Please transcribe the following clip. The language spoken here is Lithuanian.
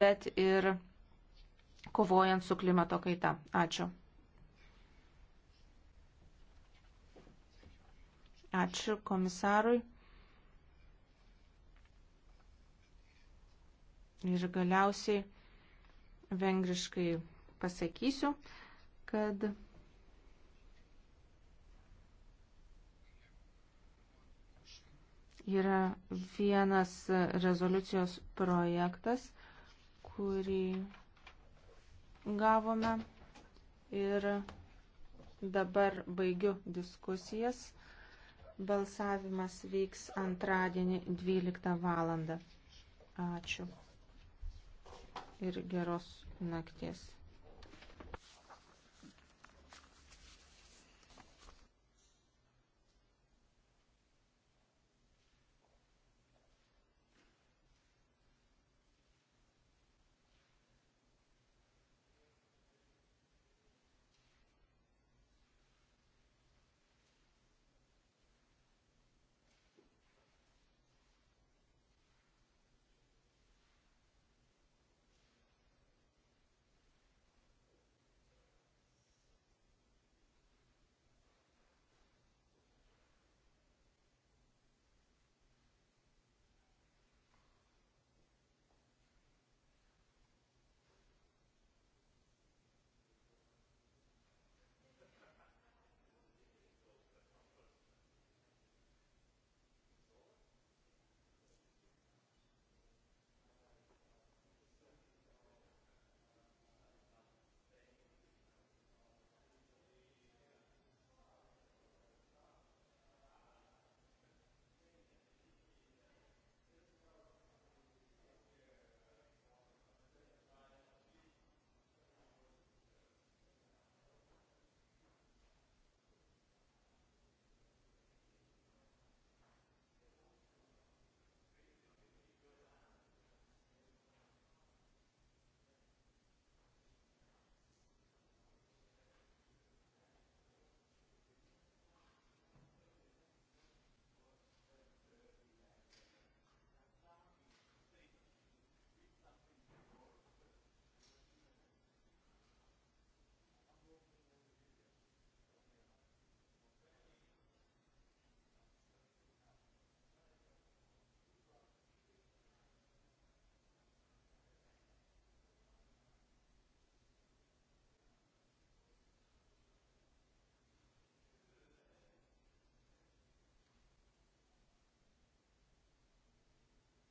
bet ir kovojant su klimato kaita. Ačiū. Ačiū komisarui. Ir galiausiai vengriškai pasakysiu, kad yra vienas rezoliucijos projektas, kurį gavome ir dabar baigiu diskusijas. Balsavimas vyks antradienį 12 val. Ačiū ir geros nakties.